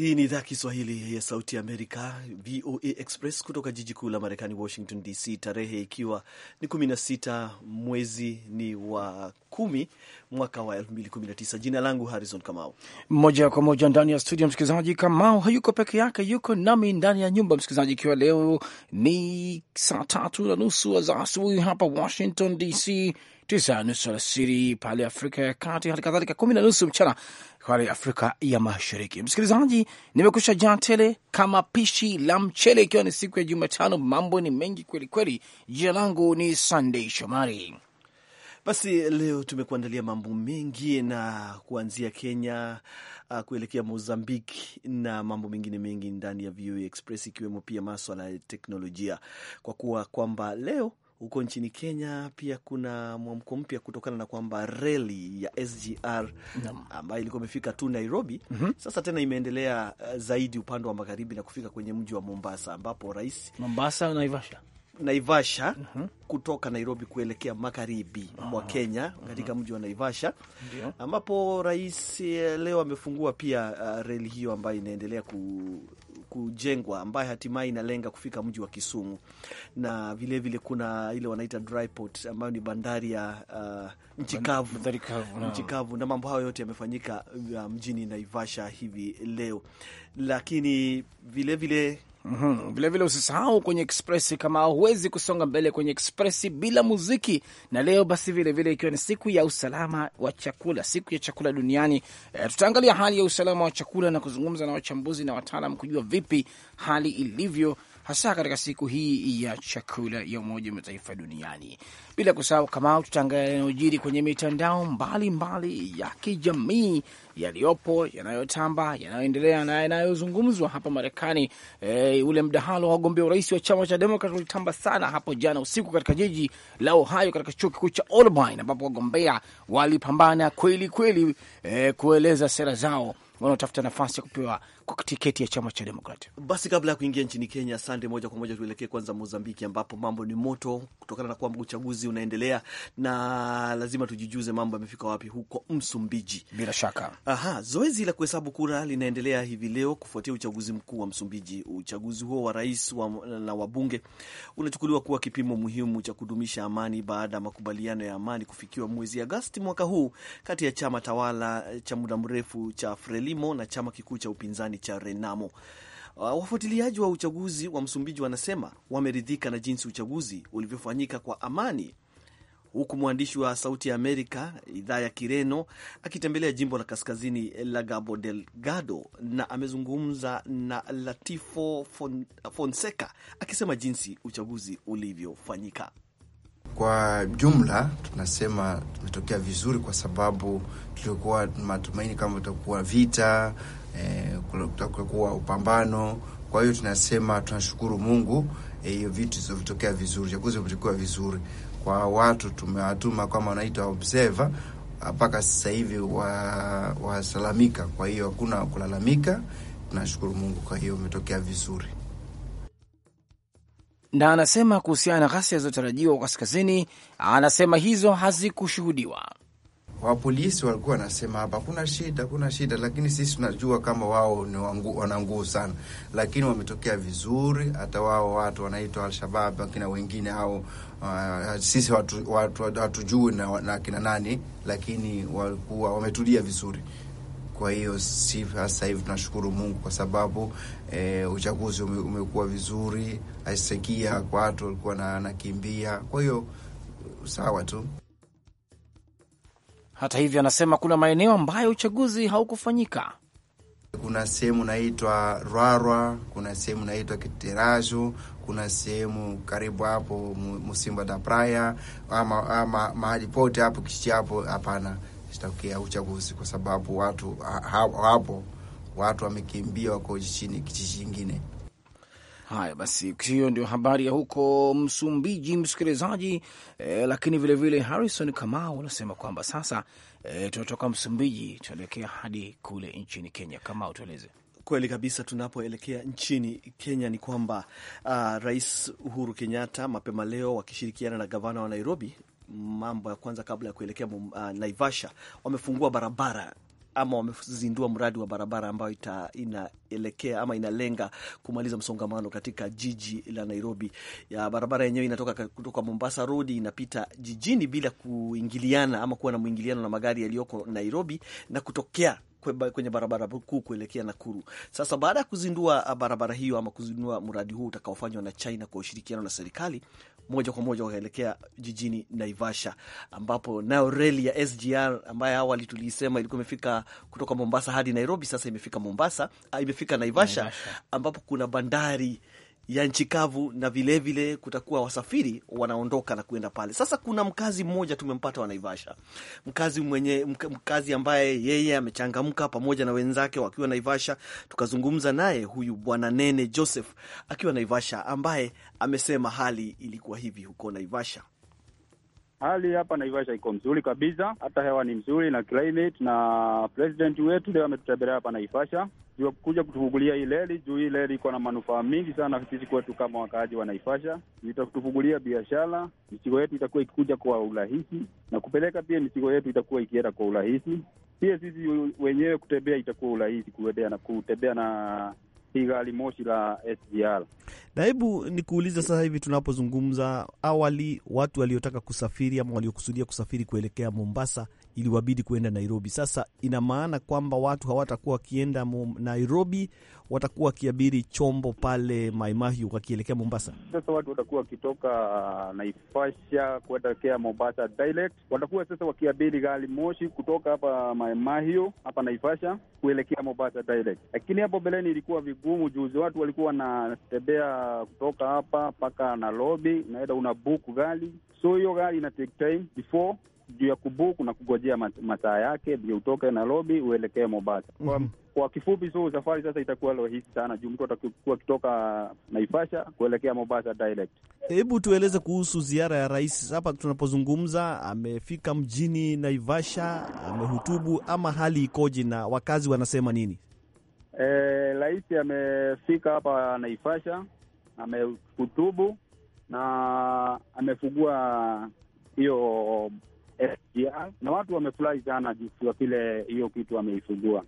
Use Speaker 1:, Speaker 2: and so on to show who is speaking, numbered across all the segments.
Speaker 1: Hii ni idhaa Kiswahili ya Sauti Amerika, VOA Express, kutoka jiji kuu la Marekani, Washington DC, tarehe ikiwa ni 16 mwezi ni wa kumi mwaka wa 2019. Jina langu Harrison Kamau.
Speaker 2: Moja kwa moja ndani ya studio, msikilizaji. Kamau hayuko peke yake, yuko nami ndani ya nyumba, msikilizaji, ikiwa leo ni saa tatu na nusu za asubuhi hapa Washington DC tisa nusu alasiri pale Afrika ya Kati, hali kadhalika kumi na nusu mchana pale Afrika ya Mashariki. Msikilizaji, nimekusha jaa tele kama pishi la mchele, ikiwa ni siku ya Jumatano. Mambo ni mengi kweli kweli. Jina langu ni Sandey Shomari.
Speaker 1: Basi leo tumekuandalia mambo mengi na kuanzia Kenya ah, kuelekea Mozambiki na mambo mengine mengi ndani ya VOA e Express, ikiwemo pia maswala ya teknolojia, kwa kuwa kwamba leo huko nchini Kenya pia kuna mwamko mpya kutokana na kwamba reli ya SGR ambayo ilikuwa imefika tu Nairobi mm -hmm. Sasa tena imeendelea eh, zaidi upande wa magharibi na kufika kwenye mji wa Mombasa ambapo rais Mombasa, Naivasha Naivasha mm -hmm. kutoka Nairobi kuelekea magharibi -huh. mwa ah. Kenya mhm. katika mji -huh. mji wa Naivasha ambapo rais eh, leo amefungua pia uh, reli hiyo ambayo inaendelea ku, kujengwa ambayo hatimaye inalenga kufika mji wa Kisumu, na vilevile vile kuna ile wanaita dry port ambayo ni bandari ya uh, nchi kavu, nchi kavu, na mambo hayo yote yamefanyika uh, mjini Naivasha hivi leo, lakini vilevile vile, Mm-hmm. Vilevile
Speaker 2: usisahau kwenye Express, kama huwezi kusonga mbele kwenye Express bila muziki. Na leo basi vilevile, ikiwa ni siku ya usalama wa chakula, siku ya chakula duniani, e, tutaangalia hali ya usalama wa chakula na kuzungumza na wachambuzi na wataalam kujua vipi hali ilivyo hasa katika siku hii ya chakula ya Umoja wa Mataifa duniani. Bila kusahau, kama tutaangalia yanayojiri kwenye mitandao mbalimbali mbali ya kijamii yaliyopo, yanayotamba, yanayoendelea na yanayozungumzwa hapa Marekani. E, ule mdahalo wa wagombea urais wa chama cha Demokrat ulitamba sana hapo jana usiku katika jiji la Ohio, katika chuo kikuu cha Olbin ambapo wagombea walipambana kweli kweli, e, kueleza sera zao wanaotafuta nafasi ya kupewa tiketi ya chama cha Demokrat. Basi
Speaker 1: kabla ya kuingia nchini Kenya, sande, moja kwa moja tuelekee kwanza Mozambiki, ambapo mambo ni moto kutokana na kwamba uchaguzi unaendelea na lazima tujijuze mambo yamefika wapi huko Msumbiji. Bila shaka, aha, zoezi la kuhesabu kura linaendelea hivi leo kufuatia uchaguzi mkuu wa Msumbiji. Uchaguzi huo wa rais wa, na wabunge unachukuliwa kuwa kipimo muhimu cha kudumisha amani baada ya makubaliano ya amani kufikiwa mwezi Agosti mwaka huu kati ya chama tawala cha muda mrefu cha Frelimo na chama kikuu cha upinzani cha Renamo. Uh, wafuatiliaji wa uchaguzi wa Msumbiji wanasema wameridhika na jinsi uchaguzi ulivyofanyika kwa amani, huku mwandishi wa Sauti ya Amerika idhaa ya Kireno akitembelea jimbo la kaskazini la gabo Delgado na amezungumza na Latifo Fonseca akisema jinsi uchaguzi ulivyofanyika.
Speaker 3: Kwa jumla tunasema tumetokea vizuri, kwa sababu tulikuwa matumaini kama utakuwa vita eh, kuwa upambano. Kwa hiyo tunasema tunashukuru Mungu eh, hiyo eh, vitu zilivyotokea vizuri, chaguzi vilikuwa vizuri kwa watu tumewatuma kama wanaita observer mpaka sasa hivi wasalamika wa. Kwa hiyo hakuna kulalamika, tunashukuru Mungu, kwa hiyo umetokea vizuri.
Speaker 2: Na anasema kuhusiana na ghasia zilizotarajiwa kaskazini, anasema hizo
Speaker 3: hazikushuhudiwa wa polisi walikuwa wanasema hapa kuna shida, kuna shida, lakini sisi tunajua kama wao ni wana nguvu sana, lakini wametokea vizuri. Hata wao watu wanaitwa Alshabab akina wengine au uh, sisi hatujui watu, watu, watu na, na kina nani, lakini walikuwa wametulia vizuri. Kwa hiyo sasa hivi tunashukuru Mungu kwa sababu eh, uchaguzi ume, umekuwa vizuri, asisekia kwa watu walikuwa wanakimbia, kwa hiyo sawa tu. Hata hivyo, anasema kuna maeneo ambayo uchaguzi haukufanyika. Kuna sehemu naitwa Rwarwa, kuna sehemu naitwa kiterazu kuna sehemu karibu hapo Musimba da Praya, ama, ama mahali pote hapo Kichi hapo, hapana sitakia uchaguzi kwa sababu watu hapo watu wamekimbia wako chini Kichi chingine. Haya basi,
Speaker 2: hiyo ndio habari ya huko Msumbiji, msikilizaji eh, lakini vilevile vile Harrison Kamau anasema kwamba sasa eh, tunatoka Msumbiji tunaelekea hadi kule nchini
Speaker 1: Kenya. Kamau, tueleze. Kweli kabisa, tunapoelekea nchini Kenya ni kwamba uh, Rais Uhuru Kenyatta mapema leo wakishirikiana na gavana wa Nairobi, mambo ya kwanza kabla ya kuelekea uh, Naivasha, wamefungua barabara ama wamezindua mradi wa barabara ambayo ita, inaelekea ama inalenga kumaliza msongamano katika jiji la Nairobi. Ya barabara yenyewe inatoka kutoka Mombasa Road inapita jijini bila kuingiliana ama kuwa na mwingiliano na magari yaliyoko Nairobi na kutokea kwenye barabara kuu kuelekea Nakuru. Sasa baada ya kuzindua uh, barabara hiyo ama kuzindua mradi huu utakaofanywa na China kwa ushirikiano na serikali, moja kwa moja wakaelekea jijini Naivasha, ambapo nayo reli ya SGR ambayo awali tuliisema ilikuwa imefika kutoka Mombasa hadi Nairobi, sasa imefika Mombasa, uh, imefika Naivasha, ambapo kuna bandari ya nchi kavu, na vilevile vile kutakuwa wasafiri wanaondoka na kuenda pale. Sasa kuna mkazi mmoja tumempata wa Naivasha, mkazi mwenye mkazi ambaye yeye amechangamka pamoja na wenzake wakiwa Naivasha. Tukazungumza naye huyu bwana Nene Joseph akiwa Naivasha, ambaye amesema hali ilikuwa hivi huko Naivasha.
Speaker 4: Hali hapa Naivasha iko mzuri kabisa, hata hewa ni mzuri na climate, na president wetu leo ametutembelea hapa Naivasha kuja kutufungulia hii leli, juu hii leli iko na manufaa mingi sana sisi kwetu kama wakaaji wa Naivasha. itatufugulia biashara, mizigo yetu itakuwa ikikuja kwa urahisi na kupeleka pia mizigo yetu itakuwa ikienda kwa urahisi. Pia sisi wenyewe kutembea itakuwa urahisi kutembea na si gari moshi la SGR.
Speaker 1: Na hebu nikuulize sasa hivi tunapozungumza, awali watu waliotaka kusafiri ama waliokusudia kusafiri kuelekea Mombasa iliwabidi kuenda Nairobi. Sasa ina maana kwamba watu hawatakuwa wakienda Nairobi, watakuwa wakiabiri chombo pale Maimahiu wakielekea Mombasa.
Speaker 4: Sasa watu watakuwa wakitoka uh, naifasha kuelekea Mombasa direct, watakuwa sasa wakiabiri gari moshi kutoka hapa Maimahiu hapa naifasha kuelekea Mombasa direct, lakini hapo mbeleni ilikuwa vigumu juzi, watu walikuwa wanatembea kutoka hapa mpaka Nairobi, naenda una buku gari, so hiyo gari ina take time before juu ya kubuku na kugojea masaa yake, ndio utoke Nairobi uelekee Mombasa. mm-hmm. Kwa kifupi tu, safari sasa itakuwa rahisi sana juu mtu atakuwa akitoka Naivasha kuelekea Mombasa direct.
Speaker 1: Hebu tueleze kuhusu ziara ya rais. Hapa tunapozungumza, amefika mjini Naivasha, amehutubu ama hali ikoje na wakazi wanasema
Speaker 5: nini?
Speaker 4: E, rais amefika hapa Naivasha, amehutubu na amefungua hiyo na watu wamefurahi sana jinsi wa kile hiyo kitu wameifungua.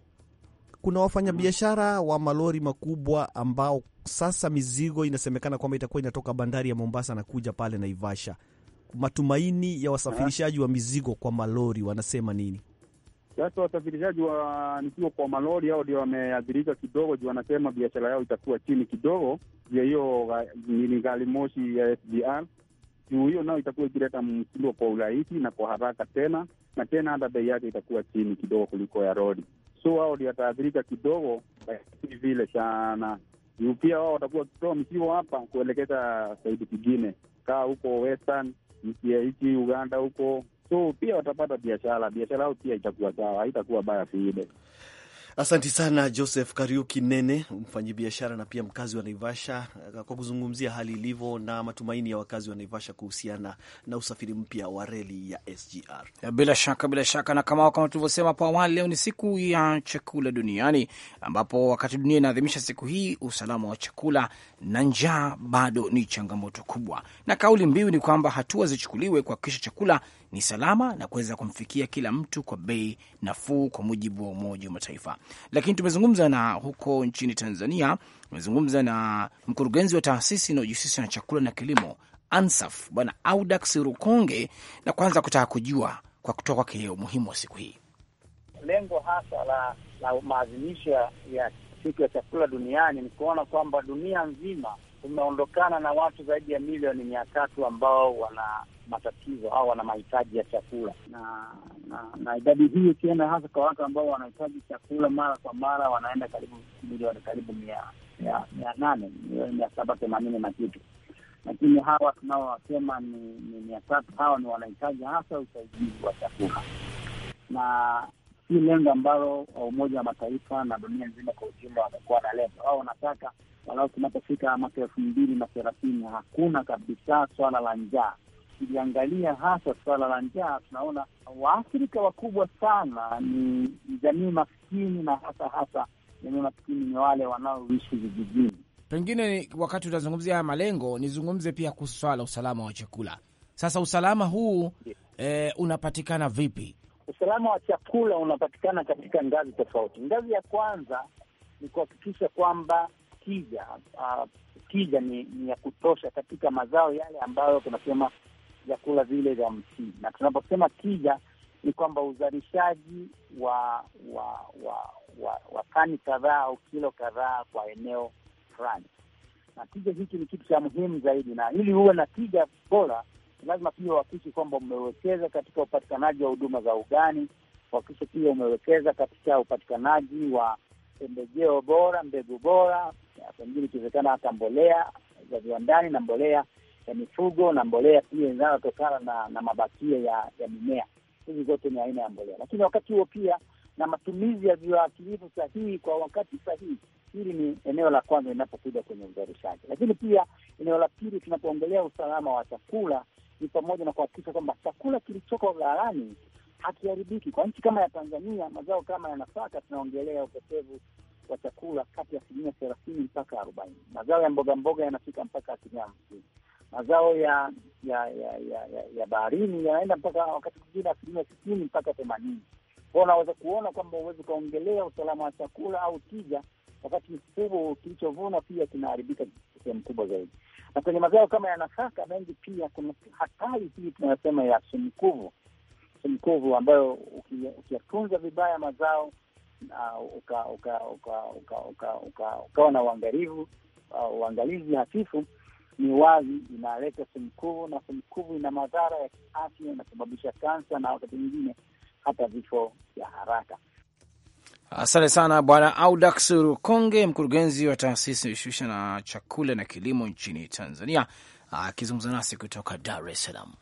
Speaker 1: Kuna wafanyabiashara wa malori makubwa ambao sasa mizigo inasemekana kwamba itakuwa inatoka bandari ya Mombasa na kuja pale Naivasha. Matumaini ya wasafirishaji wa mizigo kwa malori, wanasema nini?
Speaker 4: Sasa wasafirishaji wa mizigo kwa malori hao ndio wameathirika kidogo, juu wanasema biashara yao itakuwa chini kidogo, juu hiyo ni gari moshi ya SGR juu hiyo nao itakuwa ikileta msindo kwa urahisi na kwa haraka tena, na tena hata bei yake itakuwa chini kidogo kuliko ya rodi. So wao ndio kidogo, lakini vile sana juu pia wao watakuwa wakitoa mzigo hapa kuelekeza saidi kingine, kaa huko western nchi hichi Uganda huko, so pia watapata biashara. Biashara yao pia itakuwa sawa, haitakuwa baya vile.
Speaker 1: Asanti sana Joseph Kariuki Nene, mfanyabiashara na pia mkazi wa Naivasha, eh, kwa kuzungumzia hali ilivyo na matumaini ya wakazi wa Naivasha kuhusiana na usafiri mpya wa reli ya SGR.
Speaker 2: Bila shaka, bila shaka, na kama kama tulivyosema hapo awali, leo ni siku ya chakula duniani, ambapo wakati dunia inaadhimisha siku hii, usalama wa chakula na njaa bado ni changamoto kubwa, na kauli mbiu ni kwamba hatua zichukuliwe kuhakikisha chakula ni salama na kuweza kumfikia kila mtu kwa bei nafuu, kwa mujibu wa Umoja wa Mataifa. Lakini tumezungumza na huko nchini Tanzania, tumezungumza na mkurugenzi wa taasisi inayojihusisha na chakula na kilimo ANSAF, Bwana Audax Rukonge, na kwanza kutaka kujua kwa kutoa kwake umuhimu wa siku hii,
Speaker 6: lengo hasa la, la maadhimisho ya siku ya chakula duniani ni kuona kwamba dunia nzima umeondokana na watu zaidi ya milioni mia tatu ambao wana matatizo au wana mahitaji ya chakula, na na, na idadi hii ikienda hasa kwa watu ambao wanahitaji chakula mara kwa mara, wanaenda karibu milioni karibu mia mia nane milioni mia saba themanini na kitu lakini hawa tunaowasema ni mia tatu hawa ni wanahitaji hasa usaidizi wa chakula, na si lengo ambalo Umoja wa Mataifa na dunia nzima kwa ujumla wamekuwa na lengo wao wanataka walau tunapofika mwaka elfu mbili na thelathini hakuna kabisa swala la njaa Tukiliangalia hasa suala la njaa, tunaona waathirika wakubwa sana ni jamii maskini, na hasa hasa jamii maskini ni wale wanaoishi
Speaker 2: vijijini. Pengine wakati utazungumzia haya malengo, nizungumze pia kuhusu swala la usalama wa chakula. Sasa usalama huu yes, eh, unapatikana vipi?
Speaker 6: Usalama wa chakula unapatikana katika ngazi tofauti. Ngazi ya kwanza ni kuhakikisha kwamba tija uh, tija ni, ni ya kutosha katika mazao yale ambayo tunasema vyakula vile vya msingi, na tunaposema tija ni kwamba uzalishaji wa wa wa wa, wa tani kadhaa au kilo kadhaa kwa eneo fulani, na tija hiki ni kitu cha muhimu zaidi, na ili huwe na tija bora lazima pia uhakikishe kwamba umewekeza katika upatikanaji wa huduma za ugani, uhakikishe pia umewekeza katika upatikanaji wa pembejeo bora, mbegu bora, pengine ikiwezekana hata mbolea za viwandani na mbolea ya mifugo na mbolea pia inayotokana na, na mabakia ya, ya mimea. Hizi zote ni aina ya mbolea, lakini wakati huo pia na matumizi ya viwaakilifu sahihi kwa wakati sahihi. Hili ni eneo la kwanza linapokuja kwenye uzalishaji, lakini pia eneo la pili tunapoongelea usalama wa chakula ni pamoja na kuhakikisha kwamba chakula kilichoko ghalani hakiharibiki. Kwa nchi kama ya Tanzania, mazao kama ya nafaka tunaongelea upotevu wa chakula kati ya asilimia thelathini mpaka arobaini. Mazao ya mboga mboga yanafika mpaka asilimia hamsini mazao ya ya ya ya, ya, ya baharini yanaenda mpaka wakati mwingine asilimia sitini mpaka themanini kwao. Unaweza kuona kwamba huwezi ukaongelea usalama wa chakula au tija wakati mfumo kilichovuna pia kinaharibika sehemu kubwa zaidi. Na kwenye mazao kama ya nafaka mengi pia kuna hatari hii tunayosema ya sumukuvu, sumukuvu ambayo ukiyatunza vibaya mazao ukawa na uangalivu uh, uangalizi hafifu ni wazi inaleta sumkuvu, na sumkuvu ina madhara ya kiafya, inasababisha kansa na wakati mwingine hata vifo vya haraka.
Speaker 2: Asante sana Bwana Audax Rukonge, mkurugenzi wa taasisi ishusha na chakula na kilimo nchini Tanzania, akizungumza nasi kutoka Dar es Salaam.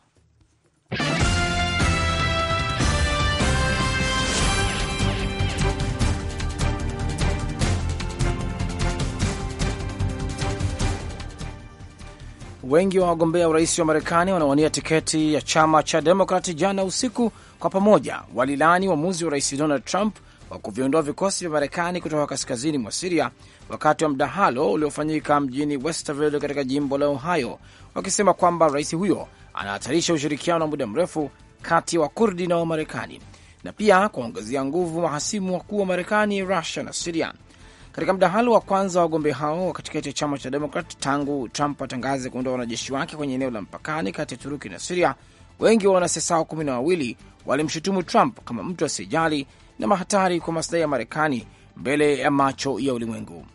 Speaker 2: Wengi wa wagombea urais wa Marekani wanawania tiketi ya chama cha Demokrati jana usiku kwa pamoja walilaani uamuzi wa rais Donald Trump wa kuviondoa vikosi vya Marekani kutoka kaskazini mwa Siria wakati wa mdahalo uliofanyika mjini Westerville katika jimbo la Ohio, wakisema kwamba rais huyo anahatarisha ushirikiano wa muda mrefu kati ya Wakurdi na Wamarekani na pia kuongezea nguvu mahasimu wakuu wa Marekani, Rusia na Siria. Katika mdahalo wa kwanza wa wagombea hao wa katikati ya chama cha Demokrat tangu Trump atangaze kuondoa wanajeshi wake kwenye eneo la mpakani kati ya Turuki na Siria, wengi wa wanasiasa hao kumi na wawili walimshutumu Trump kama mtu asiyejali na mahatari kwa maslahi ya Marekani mbele ya macho ya ulimwengu.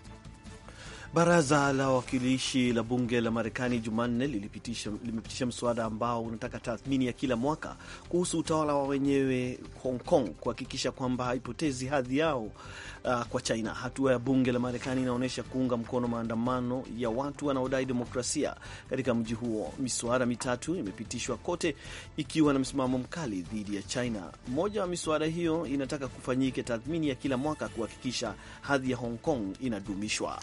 Speaker 1: Baraza la wawakilishi la bunge la Marekani Jumanne limepitisha mswada ambao unataka tathmini ya kila mwaka kuhusu utawala wa wenyewe Hong Kong kuhakikisha kwamba haipotezi hadhi yao uh, kwa China. Hatua ya bunge la Marekani inaonyesha kuunga mkono maandamano ya watu wanaodai demokrasia katika mji huo. Miswada mitatu imepitishwa kote ikiwa na msimamo mkali dhidi ya China. Moja wa miswada hiyo inataka kufanyike tathmini ya kila mwaka kuhakikisha hadhi ya Hong Kong inadumishwa.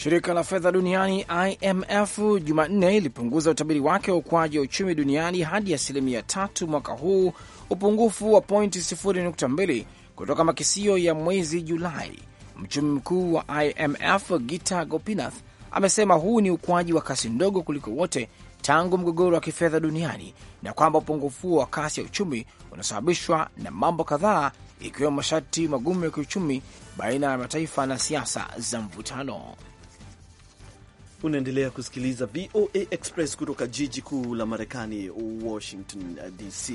Speaker 1: Shirika la fedha
Speaker 2: duniani IMF Jumanne ilipunguza utabiri wake wa ukuaji wa uchumi duniani hadi asilimia tatu mwaka huu, upungufu wa pointi 0.2 kutoka makisio ya mwezi Julai. Mchumi mkuu wa IMF Gita Gopinath amesema huu ni ukuaji wa kasi ndogo kuliko wote tangu mgogoro wa kifedha duniani na kwamba upungufu wa kasi ya uchumi unasababishwa na mambo kadhaa ikiwemo masharti magumu ya kiuchumi baina ya mataifa na siasa za mvutano.
Speaker 1: Unaendelea kusikiliza VOA Express kutoka jiji kuu la Marekani, Washington DC.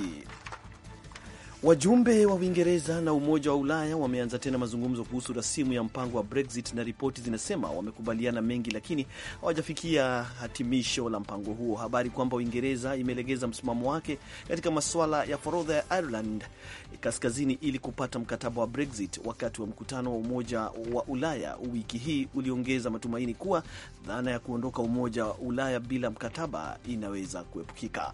Speaker 1: Wajumbe wa Uingereza na Umoja wa Ulaya wameanza tena mazungumzo kuhusu rasimu ya mpango wa Brexit na ripoti zinasema wamekubaliana mengi, lakini hawajafikia hatimisho la mpango huo. Habari kwamba Uingereza imelegeza msimamo wake katika masuala ya forodha ya Ireland kaskazini ili kupata mkataba wa Brexit wakati wa mkutano wa Umoja wa Ulaya wiki hii uliongeza matumaini kuwa dhana ya kuondoka Umoja wa Ulaya bila mkataba inaweza kuepukika.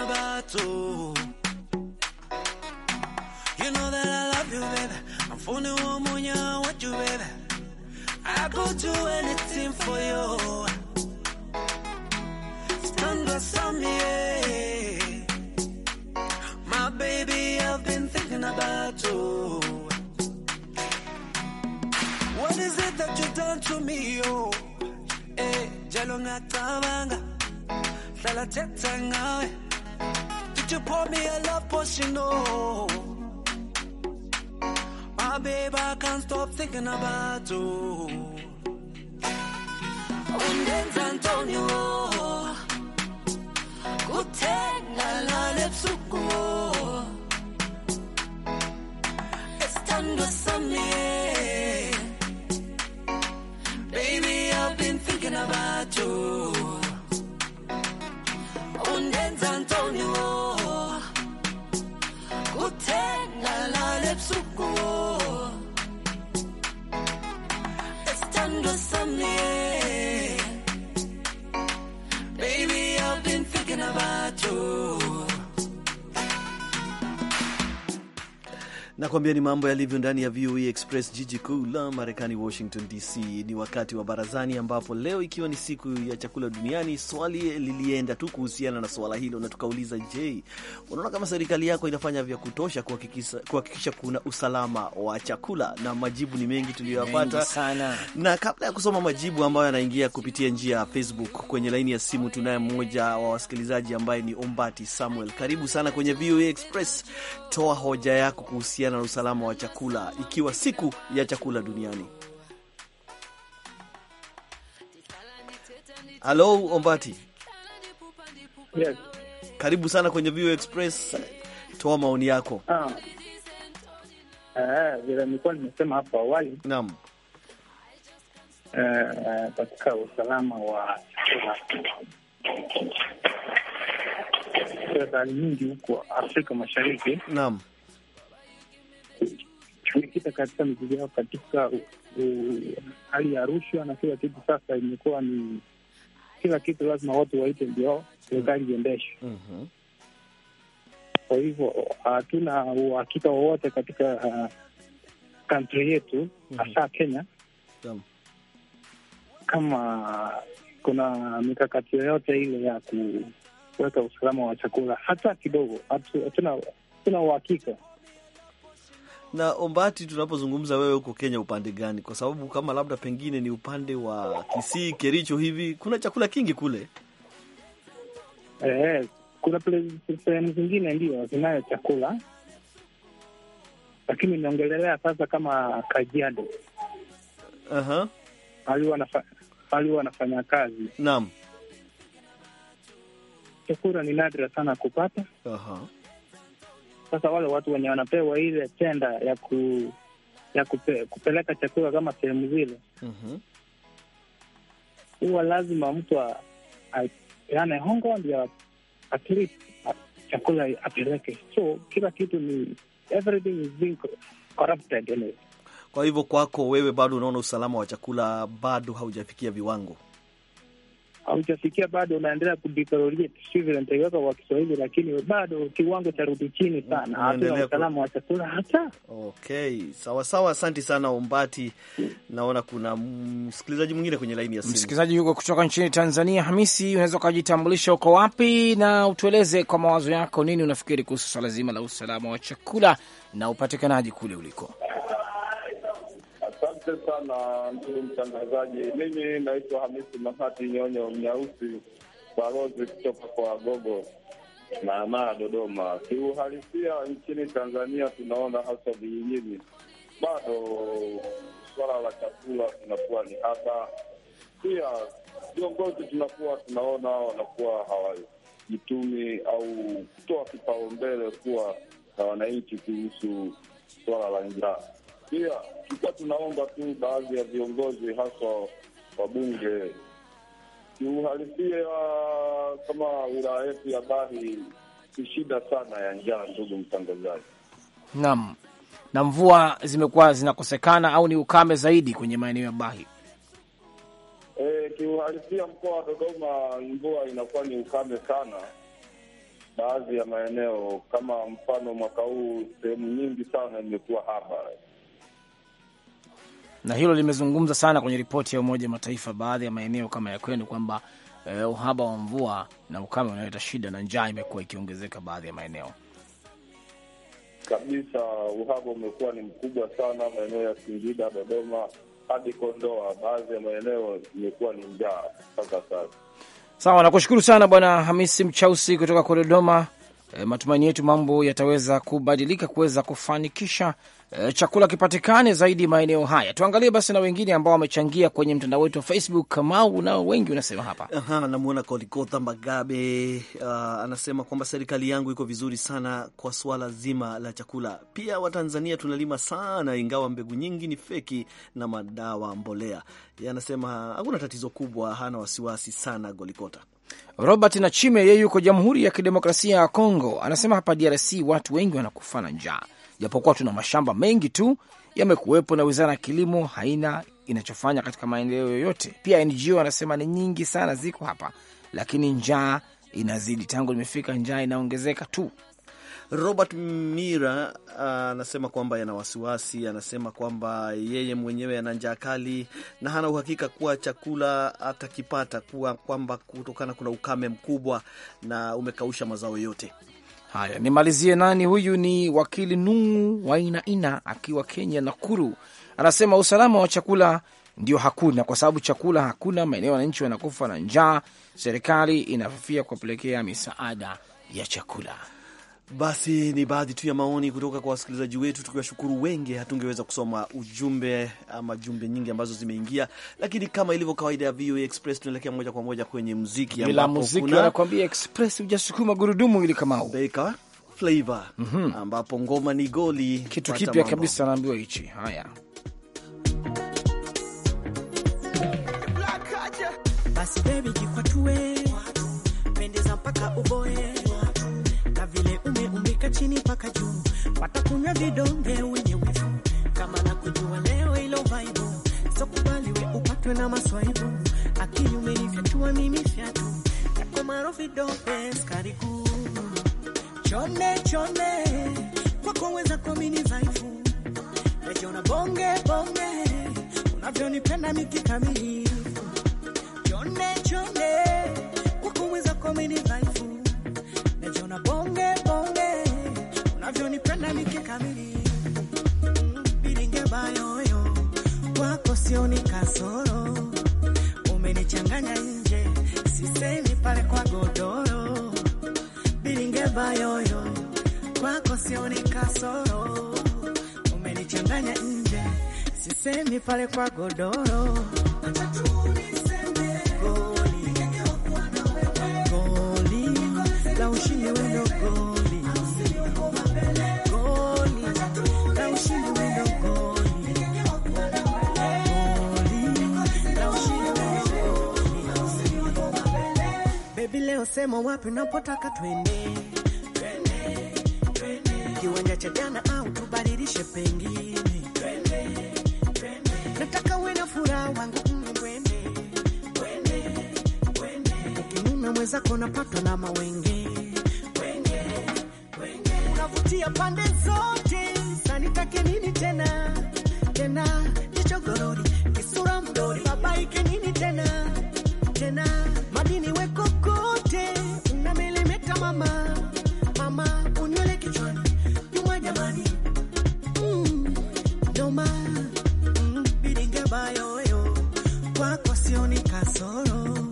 Speaker 7: a bottle. You know that I love you, baby. I'm phoning one more I want you, baby. I go do anything for you. Stand beside me, yeah. My baby, I've been thinking about you. What is it that you've done to me, oh? Eh, hey, jalo ngatabanga, hlala thetha ngawe to pour me a love potion, know. My baby, I can't stop thinking about you. Wenden's Antonio.
Speaker 1: nakwambia ni mambo yalivyo ndani ya VOA e Express, jiji kuu la Marekani, Washington DC. Ni wakati wa barazani, ambapo leo ikiwa ni siku ya chakula duniani, swali lilienda tu kuhusiana na swala hilo, na tukauliza, je, unaona kama serikali yako inafanya vya kutosha kuhakikisha kuna usalama wa chakula? Na majibu ni mengi tuliyoyapata na kabla ya kusoma majibu ambayo yanaingia kupitia njia ya Facebook, kwenye laini ya simu tunaye mmoja wa wasikilizaji ambaye ni Ombati Samuel. Karibu sana kwenye VOA e Express, toa hoja yako kuhusiana na usalama wa chakula ikiwa siku ya chakula duniani. Halo Ombati. Yes. Karibu sana kwenye View Express, toa maoni yako. Ah. Eh, vile nilikuwa
Speaker 8: nimesema hapo awali. Naam. Eh, katika usalama wa serikali nyingi huko Afrika Mashariki. Naam wamekita katika mizizi yao katika hali ya rushwa na kila kitu. Sasa imekuwa ni kila kitu lazima watu waite ndio serikali iendeshwe. Mhm. Kwa hivyo hatuna uhakika wowote katika kantri uh, yetu, mhm. hasa Kenya, kama kuna mikakati yoyote ile ya kuweka usalama wa chakula hata kidogo. Hatuna uhakika.
Speaker 1: Na Ombati, tunapozungumza wewe huko Kenya upande gani? Kwa sababu kama labda pengine ni upande wa Kisii, Kericho hivi, kuna chakula kingi kule.
Speaker 8: Eh, kuna sehemu zingine ndio zinayo chakula, lakini niongelelea sasa kama Kajiado. Aha, pali wanafanya kazi. Naam, chakula ni nadra sana kupata. -huh. Sasa wale watu wenye wanapewa ile tenda ya ku ya kupe, kupeleka chakula kama sehemu zile mm huwa -hmm. lazima mtu apeane yaani hongo ndio at chakula apeleke. So kila kitu ni everything is being corrupted
Speaker 1: Kwa hivyo kwako wewe bado unaona usalama wa chakula bado haujafikia viwango
Speaker 8: haujafikia bado, unaendelea kudeteriorate, sivyo nitaiweka kwa Kiswahili, lakini bado kiwango cha rudi chini sana, mm, hatuna usalama wa chakula hata.
Speaker 1: Okay, sawa sawa, asante sana Ombati. Naona kuna msikilizaji mwingine kwenye laini ya simu. Msikilizaji yuko kutoka
Speaker 2: nchini Tanzania. Hamisi, unaweza ukajitambulisha uko wapi na utueleze kwa mawazo yako, nini unafikiri kuhusu swala zima la usalama wa chakula na upatikanaji kule uliko?
Speaker 9: Asante sana ndugu mtangazaji. Mimi naitwa Hamisi Mahati Nyonyo Mnyausi, balozi kutoka kwa Gogo na Amaa, Dodoma. Kiuhalisia nchini Tanzania tunaona hasa vijijini bado swala la chakula tunakuwa ni hapa, pia viongozi tunakuwa tunaona wanakuwa hawajitumi au kutoa kipaumbele kuwa na wananchi kuhusu swala la njaa pia tulikuwa tunaomba tu baadhi ya viongozi hasa wabunge kiuhalisia wa, kama wilaya yetu ya bahi ni shida sana ya njaa, ndugu mtangazaji.
Speaker 2: Naam, na mvua zimekuwa zinakosekana au ni ukame zaidi kwenye maeneo ya Bahi?
Speaker 9: E, kiuhalisia mkoa wa Dodoma mvua inakuwa ni ukame sana baadhi ya maeneo, kama mfano mwaka huu sehemu nyingi sana imekuwa haba
Speaker 2: na hilo limezungumza sana kwenye ripoti ya Umoja Mataifa, baadhi ya maeneo kama ya kwenu kwamba eh, uhaba wa mvua na ukame unaleta shida na njaa imekuwa ikiongezeka baadhi ya
Speaker 5: maeneo
Speaker 9: kabisa. Uhaba umekuwa ni mkubwa sana maeneo ya Singida, Dodoma hadi Kondoa, baadhi ya maeneo imekuwa ni njaa mpaka sasa.
Speaker 2: Sawa, nakushukuru sana Bwana Hamisi Mchausi kutoka kwa Dodoma e, matumaini yetu mambo yataweza kubadilika kuweza kufanikisha e, chakula kipatikane zaidi maeneo haya. Tuangalie basi na wengine ambao wamechangia kwenye mtandao wetu wa Facebook. Kamau, nao wengi unasema
Speaker 1: hapa. Aha, namwona Kolikota Magabe uh, anasema kwamba serikali yangu iko vizuri sana kwa swala zima la chakula. Pia Watanzania tunalima sana, ingawa mbegu nyingi ni feki na madawa mbolea. Yanasema hakuna tatizo kubwa, hana wasiwasi sana Golikota.
Speaker 2: Robert Nachime yeye yuko Jamhuri ya Kidemokrasia ya Kongo, anasema hapa DRC watu wengi wanakufa na njaa, japokuwa tuna mashamba mengi tu yamekuwepo na wizara ya kilimo haina inachofanya katika maendeleo yoyote. Pia NGO anasema ni nyingi sana ziko hapa, lakini njaa inazidi. Tangu limefika njaa inaongezeka tu.
Speaker 1: Robert Mira ah, anasema kwamba yana wasiwasi, anasema kwamba yeye mwenyewe ana njaa kali na hana uhakika kuwa chakula atakipata, kuwa kwamba kutokana kuna ukame mkubwa na umekausha mazao yote. Haya, nimalizie nani huyu? Ni wakili Nungu Wainaina akiwa Kenya, Nakuru,
Speaker 2: anasema usalama wa chakula ndio hakuna, kwa sababu chakula hakuna maeneo, wananchi wanakufa na njaa, serikali inafifia kuwapelekea misaada ya chakula.
Speaker 1: Basi ni baadhi tu ya maoni kutoka kwa wasikilizaji wetu, tukiwashukuru wengi. Hatungeweza kusoma ujumbe ama jumbe nyingi ambazo zimeingia, lakini kama ilivyo kawaida ya VOA Express tunaelekea moja kwa moja kwenye muziki. Bila muziki wanakuambia
Speaker 2: Express hujasukuma gurudumu ili kama Beka
Speaker 1: Flavor mm -hmm. ambapo ngoma ni goli, kitu kipya kabisa naambiwa hichi. Haya
Speaker 10: basi baby, mpaka uboe vile umeumbika chini mpaka juu, watakunywa vidonge wenye wivu kama na kujua leo ilo vaibu, so kubali we upatwe na maswaibu, akili umenifyatua mimi fyatu yako maro vidonge skari kuu chone chone kwako weza komini vaifu ejona bonge bonge unavyonipenda mikikamilifu chone chone kwako weza komini vaifu unipenda nikikamili, biringebayoyo wako sio ni kasoro, umenichanganya nje, sisemi pale kwa godoro, biringebayoyo wako sio kasoro, umenichanganya nje, sisemi pale kwa godoro la ushindi Unayosema wapi unapotaka twende, twende, twende. Kiwanja cha jana au tubadilishe pengine, twende, Nataka uwe na furaha wangu ukinuna mwezako napatwa na mawenge, unavutia pande zote, sanitake nini tena tena, jichogorori kisura mdori babaike nini tena tena, madini wekoko wote unamelemeta mama, mama unywele kichwani juma jamani, mm, noma mm, biringa bayoyo kwako sioni kasoro,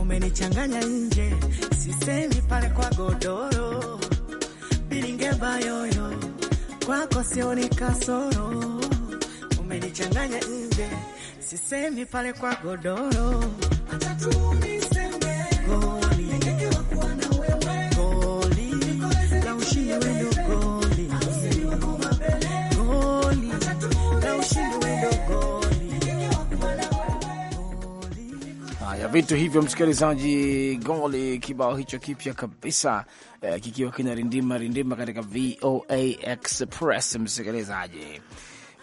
Speaker 10: umenichanganya nje sisemi pale kwa godoro, biringa bayoyo kwako sioni kasoro, umenichanganya nje sisemi pale kwa godoro, acha tu niseme
Speaker 2: vitu hivyo, msikilizaji, goli kibao hicho kipya kabisa eh, kikiwa kina rindima rindima katika VOA Express, msikilizaji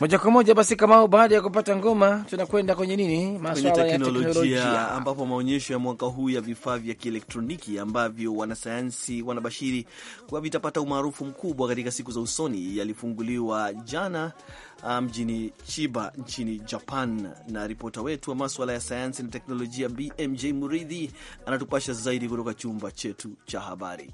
Speaker 2: moja kwa moja basi, Kamau, baada ya kupata ngoma, tunakwenda kwenye nini, masuala ya teknolojia,
Speaker 1: ambapo maonyesho ya mwaka huu ya vifaa vya kielektroniki ambavyo wanasayansi wanabashiri kuwa vitapata umaarufu mkubwa katika siku za usoni yalifunguliwa jana ah, mjini Chiba nchini Japan, na ripota wetu wa maswala ya sayansi na teknolojia BMJ Muridhi anatupasha zaidi kutoka chumba chetu cha habari.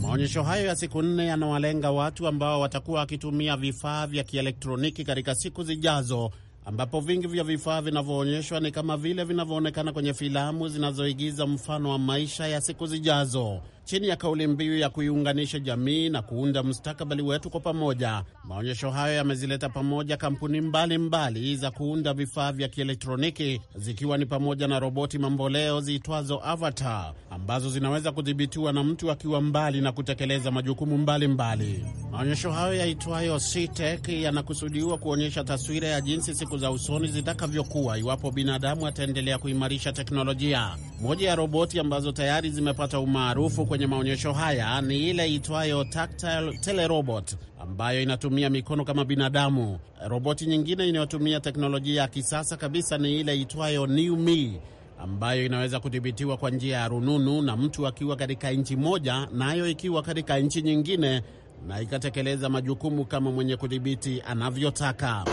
Speaker 5: Maonyesho hayo ya siku nne yanawalenga watu ambao watakuwa wakitumia vifaa vya kielektroniki katika siku zijazo, ambapo vingi vya vifaa vinavyoonyeshwa ni kama vile vinavyoonekana kwenye filamu zinazoigiza mfano wa maisha ya siku zijazo chini ya kauli mbiu ya kuiunganisha jamii na kuunda mustakabali wetu kwa pamoja. Maonyesho hayo yamezileta pamoja kampuni mbalimbali mbali za kuunda vifaa vya kielektroniki zikiwa ni pamoja na roboti mamboleo ziitwazo Avatar ambazo zinaweza kudhibitiwa na mtu akiwa mbali na kutekeleza majukumu mbalimbali. Maonyesho hayo yaitwayo CTEK yanakusudiwa kuonyesha taswira ya jinsi siku za usoni zitakavyokuwa iwapo binadamu ataendelea kuimarisha teknolojia. Moja ya roboti ambazo tayari zimepata umaarufu kwenye maonyesho haya ni ile itwayo Tactile Telerobot ambayo inatumia mikono kama binadamu. Roboti nyingine inayotumia teknolojia ya kisasa kabisa ni ile itwayo New Me ambayo inaweza kudhibitiwa kwa njia ya rununu na mtu akiwa katika nchi moja nayo na ikiwa katika nchi nyingine na ikatekeleza majukumu kama mwenye kudhibiti anavyotaka.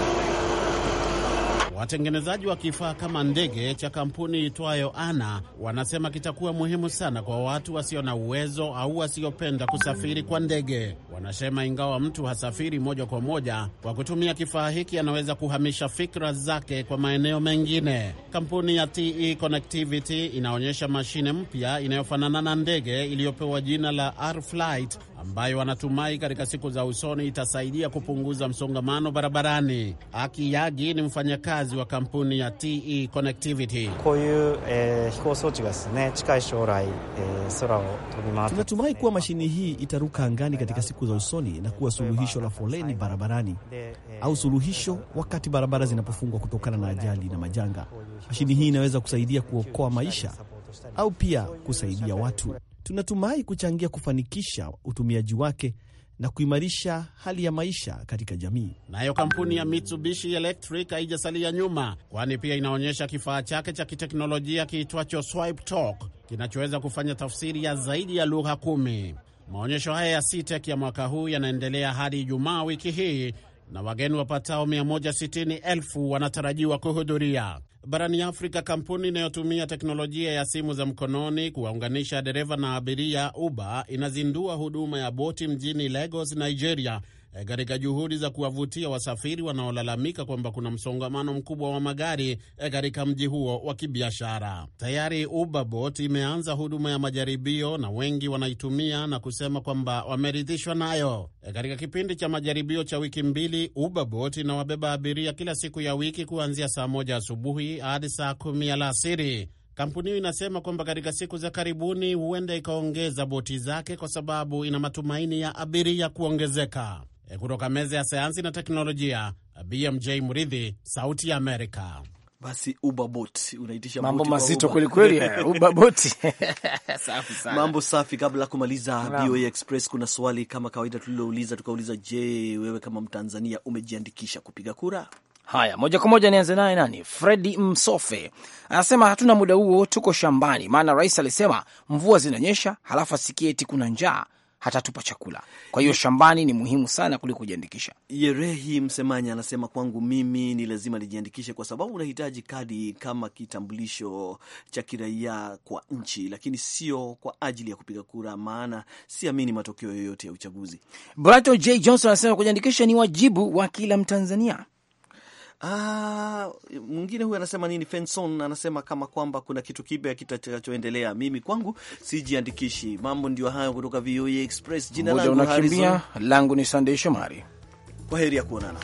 Speaker 5: Watengenezaji wa kifaa kama ndege cha kampuni itwayo Ana wanasema kitakuwa muhimu sana kwa watu wasio na uwezo au wasiopenda kusafiri kwa ndege. Wanasema ingawa mtu hasafiri moja kwa moja, kwa kutumia kifaa hiki anaweza kuhamisha fikra zake kwa maeneo mengine. Kampuni ya TE Connectivity inaonyesha mashine mpya inayofanana na ndege iliyopewa jina la R-Flight ambayo wanatumai katika siku za usoni itasaidia kupunguza msongamano barabarani. Aki Yagi ni mfanyakazi wafanyakazi wa kampuni ya TE Connectivity. Eh, eh, Tunatumai kuwa mashini
Speaker 1: hii itaruka angani katika siku za usoni na kuwa suluhisho la foleni barabarani au suluhisho wakati barabara zinapofungwa kutokana na ajali na majanga. Mashini hii inaweza kusaidia kuokoa maisha au pia kusaidia watu. Tunatumai kuchangia kufanikisha utumiaji wake na kuimarisha hali ya maisha katika jamii.
Speaker 5: Nayo kampuni ya Mitsubishi Electric haijasalia nyuma, kwani pia inaonyesha kifaa chake cha kiteknolojia kiitwacho Swipe Talk kinachoweza kufanya tafsiri ya zaidi ya lugha kumi. Maonyesho haya ya CTEK ya mwaka huu yanaendelea hadi Ijumaa wiki hii na wageni wapatao 160,000 wanatarajiwa kuhudhuria. Barani Afrika, kampuni inayotumia teknolojia ya simu za mkononi kuwaunganisha dereva na abiria, Uber, inazindua huduma ya boti mjini Lagos, Nigeria, E, katika juhudi za kuwavutia wasafiri wanaolalamika kwamba kuna msongamano mkubwa wa magari e, katika mji huo wa kibiashara. Tayari Ubabot imeanza huduma ya majaribio na wengi wanaitumia na kusema kwamba wameridhishwa nayo. E, katika kipindi cha majaribio cha wiki mbili, Ubabot inawabeba abiria kila siku ya wiki kuanzia saa moja asubuhi hadi saa kumi alasiri. Kampuni hiyo inasema kwamba katika siku za karibuni huenda ikaongeza boti zake kwa sababu ina matumaini ya abiria kuongezeka. Eh, kutoka meza ya sayansi na teknolojia, eh, BMJ Mridhi, Sauti ya Amerika. Basi ubabot unaitisha mambo mazito kweli kweli, eh,
Speaker 2: safi sana, mambo
Speaker 5: safi. Kabla ya kumaliza VOA
Speaker 1: Express, kuna swali kama kawaida tulilouliza, tukauliza, je, wewe kama Mtanzania umejiandikisha kupiga kura?
Speaker 2: Haya, moja kwa moja
Speaker 1: nianze naye nani, Fredi Msofe anasema hatuna
Speaker 2: muda huo, tuko shambani, maana rais alisema mvua zinanyesha, halafu asikie eti kuna njaa hatatupa chakula. Kwa hiyo shambani ni muhimu sana kuliko kujiandikisha.
Speaker 1: Yerehi Msemanya anasema kwangu mimi ni lazima nijiandikishe, kwa sababu unahitaji kadi kama kitambulisho cha kiraia kwa nchi, lakini sio kwa ajili ya kupiga kura, maana siamini matokeo yoyote ya uchaguzi.
Speaker 2: Brato J Johnson anasema kujiandikisha ni wajibu wa kila Mtanzania.
Speaker 1: Ah, mwingine huyu anasema nini? Fenson anasema kama kwamba kuna kitu kipya kitakachoendelea. Mimi kwangu sijiandikishi. Mambo ndio hayo kutoka VOA Express. Jina langu unakimbia,
Speaker 2: langu ni Sunday Shomari.
Speaker 1: Kwa heri ya kuonana.